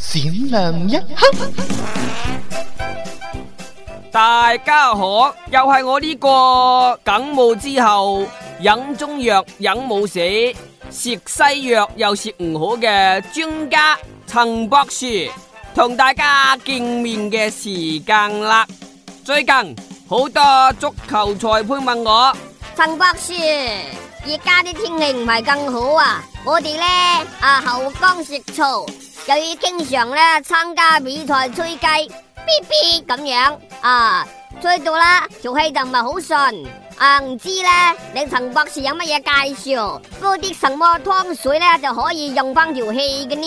閃亮一刻，大家好，又係我呢個感冒之後飲中藥飲冇死，食西藥又食唔好嘅專家陳博士同大家見面嘅時間啦。最近好多足球裁判問我陳博士，而家啲天氣唔係更好啊？我哋咧啊喉乾舌燥。由於經常咧參加比賽吹雞，嗶嗶咁樣啊，吹到啦條氣就唔係好順啊！唔知咧，你陳博士有乜嘢介紹煲啲什麼湯水咧就可以用翻條氣嘅呢？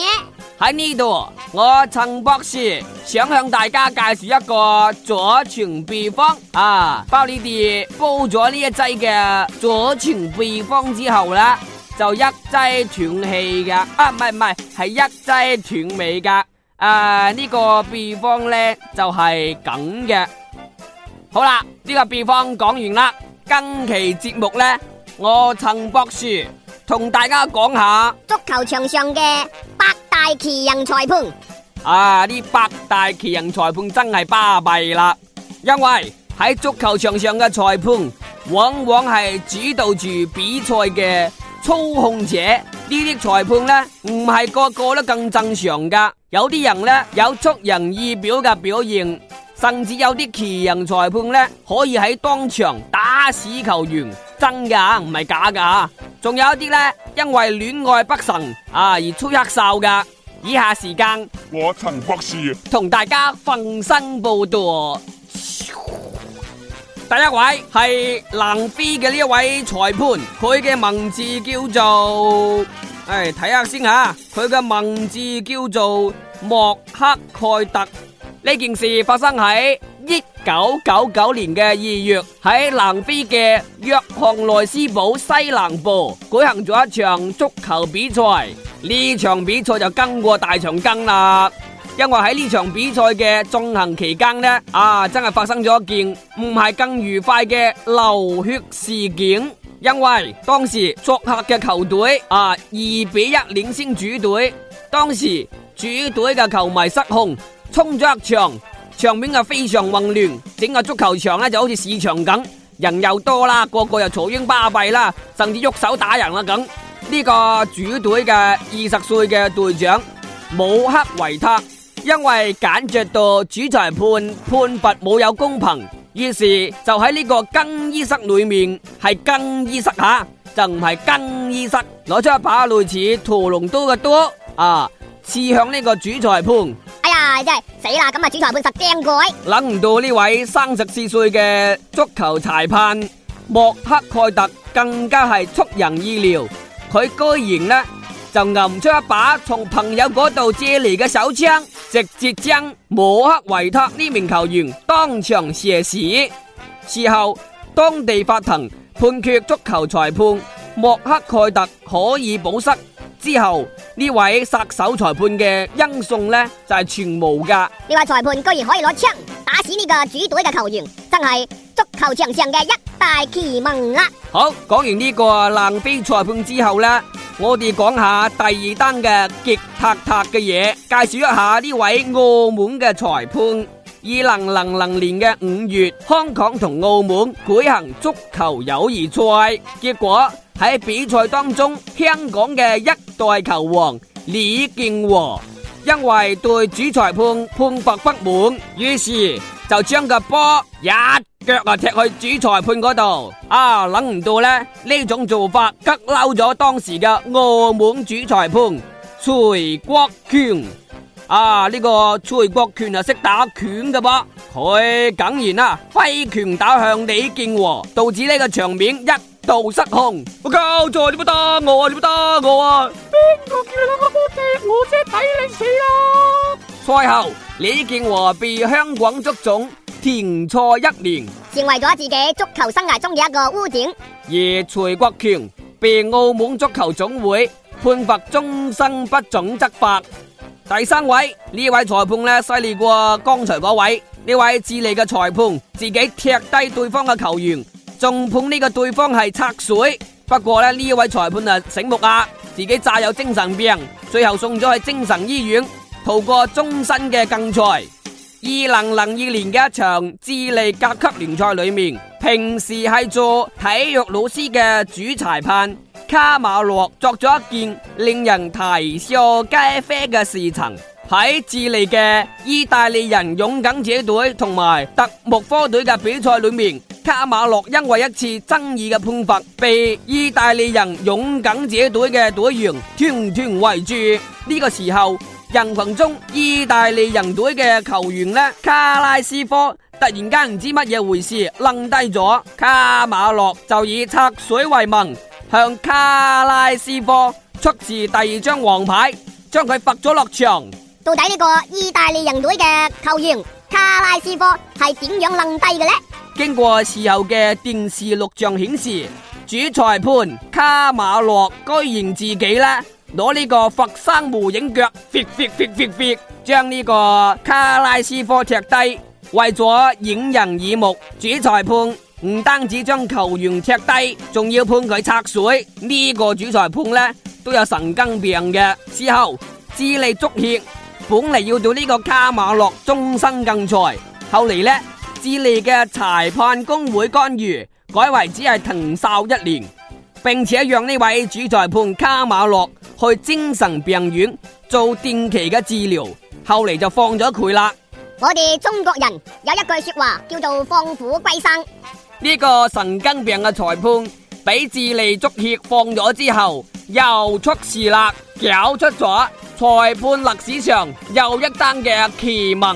喺呢度，我陳博士想向大家介紹一個祖傳秘方啊！包你哋煲咗呢一劑嘅祖傳秘方之後啦。就一劑斷氣噶，啊，唔係唔係，係一劑斷尾噶。啊，呢個秘方咧就係咁嘅。好啦，呢個秘方講完啦。今期節目咧，我陳博士同大家講下足球場上嘅八大奇人裁判。啊，呢八大奇人裁判真係巴閉啦，因為喺足球場上嘅裁判往往係主導住比賽嘅。操控者，呢啲裁判呢，唔係個個都咁正常噶，有啲人呢，有出人意表嘅表現，甚至有啲奇人裁判呢，可以喺當場打死球員，真噶唔係假噶吓。仲有一啲呢，因為戀愛不順啊而出黑哨噶。以下時間我陳博士同大家奉身報道。第一位係南非嘅呢位裁判，佢嘅名字叫做，誒、哎、睇下先吓，佢嘅名字叫做莫克蓋特。呢件事發生喺一九九九年嘅二月，喺南非嘅約翰內斯堡西南部舉行咗一場足球比賽。呢場比賽就更過大場更啦。因為喺呢場比賽嘅進行期間呢，啊，真係發生咗一件唔係更愉快嘅流血事件。因為當時作客嘅球隊啊二比一領先主隊，當時主隊嘅球迷失控衝咗入場，場面就非常混亂，整個足球場咧就好似市場咁，人又多啦，個個又嘈喧巴閉啦，甚至喐手打人啦咁。呢個主隊嘅二十歲嘅隊長姆克維特。因為感覺到主裁判判罰冇有公平，於是就喺呢個更衣室裏面係更衣室吓，就唔係更衣室，攞出一把類似屠龍刀嘅刀啊，刺向呢個主裁判。哎呀，真係死啦！咁啊，主裁判實驚鬼。諗唔到呢位三十四歲嘅足球裁判莫克蓋特更加係出人意料，佢居然呢就暗出一把從朋友嗰度借嚟嘅手槍。直接將莫克維塔呢名球員當場射死。事後，當地法庭判決足球裁判莫克蓋特可以保釋。之後，呢位殺手裁判嘅音訊呢就係、是、全無噶。呢位裁判居然可以攞槍打死呢個主隊嘅球員，真係足球場上嘅一大奇聞啦！好，講完呢個冷飛裁判之後呢。我哋講下第二單嘅極塔塔嘅嘢，介紹一下呢位澳門嘅裁判。二零零零年嘅五月，香港同澳門舉行足球友誼賽，結果喺比賽當中，香港嘅一代球王李健和因為對主裁判判罰不滿，於是就將個波一。腳啊踢去主裁判嗰度啊，諗唔到咧，呢種做法激嬲咗當時嘅澳門主裁判徐國權啊！呢個徐國權啊識打拳嘅噃，佢竟然啊揮拳打向李健和，導致呢個場面一度失控。我交助你唔得我啊，你唔得我啊，邊個叫你攞我腳？我即係睇你死啊！賽後，李健和被香港捉總。停賽一年，成為咗自己足球生涯中嘅一個污點。而徐國強被澳門足球總會判罰終身不准執法。第三位呢位裁判呢，犀利過剛才嗰位，呢位智利嘅裁判自己踢低對方嘅球員，仲判呢個對方係插水。不過咧，呢位裁判啊醒目啊，自己詐有精神病，最後送咗去精神醫院，逃過終身嘅禁賽。二零零二年嘅一場智利甲級聯賽裏面，平時係做體育老師嘅主裁判卡馬洛作咗一件令人啼笑皆非嘅事情。喺智利嘅意大利人勇敢者隊同埋特木科隊嘅比賽裏面，卡馬洛因為一次爭議嘅判罰，被意大利人勇敢者隊嘅隊員團團圍住。呢個時候。人群中，意大利人隊嘅球員呢？卡拉斯科突然間唔知乜嘢回事，愣低咗。卡馬洛就以拆水為名，向卡拉斯科出示第二張黃牌，將佢罰咗落場。到底呢個意大利人隊嘅球員卡拉斯科係點樣愣低嘅呢？經過事後嘅電視錄像顯示，主裁判卡馬洛居然自己呢？攞呢個佛山無影腳，撇將呢個卡拉斯科踢低，為咗掩人耳目，主裁判唔單止將球員踢低，仲要判佢拆水。呢、這個主裁判呢，都有神經病嘅。之後智利足協本嚟要對呢個卡馬洛終身禁賽，後嚟呢，智利嘅裁判工會干預，改為只係停哨一年，並且讓呢位主裁判卡馬洛。去精神病院做定期嘅治療，後嚟就放咗佢啦。我哋中國人有一句說話叫做放虎歸山。呢個神經病嘅裁判俾智利足協放咗之後，又出事啦，搞出咗裁判歷史上又一單嘅奇聞。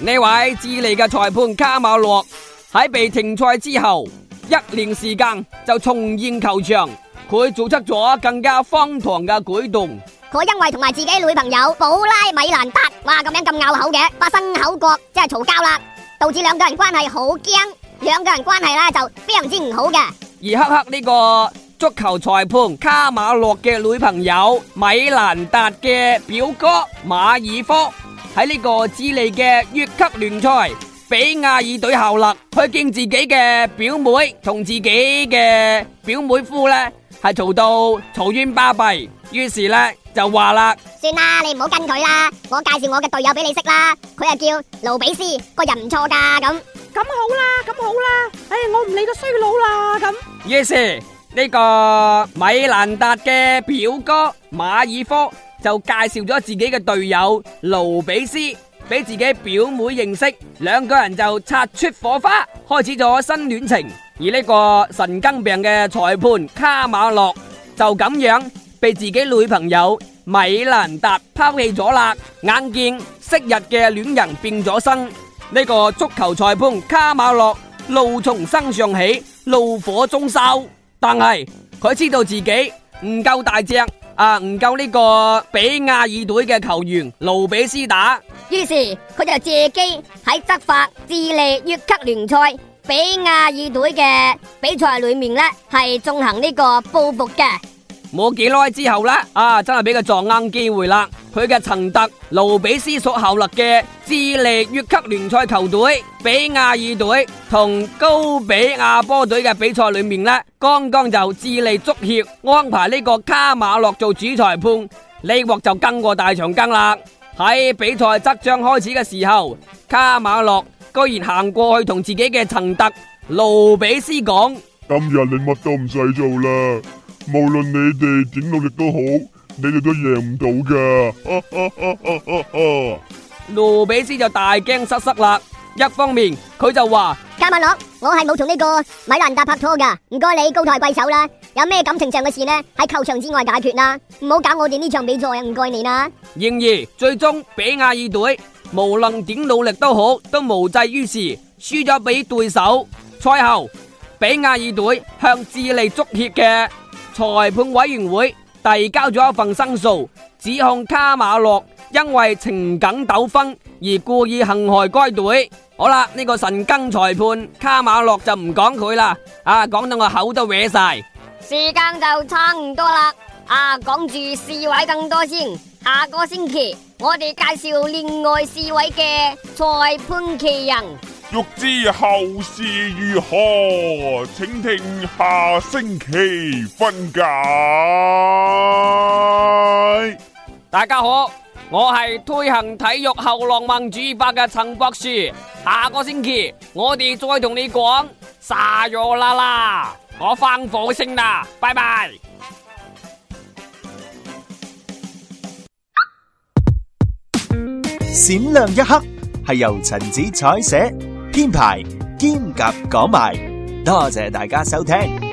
呢位智利嘅裁判卡馬洛喺被停賽之後，一年時間就重現球場。佢做出咗更加荒唐嘅舉動。佢因為同埋自己女朋友保拉米蘭達，哇咁樣咁拗口嘅，發生口角，即係嘈交啦，導致兩個人關係好僵。兩個人關係咧就非常之唔好嘅。而黑黑呢個足球裁判卡馬洛嘅女朋友米蘭達嘅表哥馬爾科喺呢個智利嘅乙級聯賽。比亞爾隊效力，佢見自己嘅表妹同自己嘅表妹夫咧，係嘈到嘈冤巴閉，於是咧就話啦：，算啦，你唔好跟佢啦，我介紹我嘅隊友俾你識啦，佢就叫盧比斯，個人唔錯噶，咁咁好啦，咁好啦，哎，我唔理個衰佬啦，咁於是呢個米蘭達嘅表哥馬爾科就介紹咗自己嘅隊友盧比斯。俾自己表妹認識，兩個人就擦出火花，開始咗新戀情。而呢個神經病嘅裁判卡馬洛就咁樣被自己女朋友米蘭達拋棄咗啦。眼見昔日嘅戀人變咗身，呢、這個足球裁判卡馬洛怒從心上起，怒火中燒。但係佢知道自己唔夠大隻。啊！唔夠呢個比亞爾隊嘅球員盧比斯打，於是佢就借機喺執法智利乙級聯賽比亞爾隊嘅比賽裏面咧，係進行呢個報復嘅。冇幾耐之後呢啊，真係俾佢撞硬機會啦！佢嘅曾特盧比斯所效力嘅智利乙級聯賽球隊比亞爾隊同高比亞波隊嘅比賽裏面呢，剛剛就智利足協安排呢個卡馬洛做主裁判，呢鑊就更過大長更啦！喺比賽即將開始嘅時候，卡馬洛居然行過去同自己嘅曾特盧比斯講：今日你乜都唔使做啦！無論你哋點努力都好，你哋都贏唔到噶。盧 比斯就大驚失失啦。一方面，佢就話加文諾，我係冇同呢個米蘭達拍拖噶，唔該你高抬貴手啦。有咩感情上嘅事呢，喺球場之外解決啦，唔好搞我哋呢場比賽啊，唔該你啦。然而最終，最終比亞爾隊無論點努力都好，都無濟於事，輸咗俾對手。賽後，比亞爾隊向智利足協嘅。裁判委員會提交咗一份申訴，指控卡馬洛因為情感糾紛而故意行害該隊。好啦，呢、這個神經裁判卡馬洛就唔講佢啦，啊，講到我口都歪晒。時間就差唔多啦，啊，講住四位更多先，下個星期我哋介紹另外四位嘅裁判奇人。欲知後事如何，請聽下星期分解。大家好，我係推行體育後浪漫主義法嘅陳博士。下個星期我哋再同你講沙若啦啦，我翻火星啦，拜拜。閃亮一刻係由陳子彩寫。編排兼及講埋，多謝大家收聽。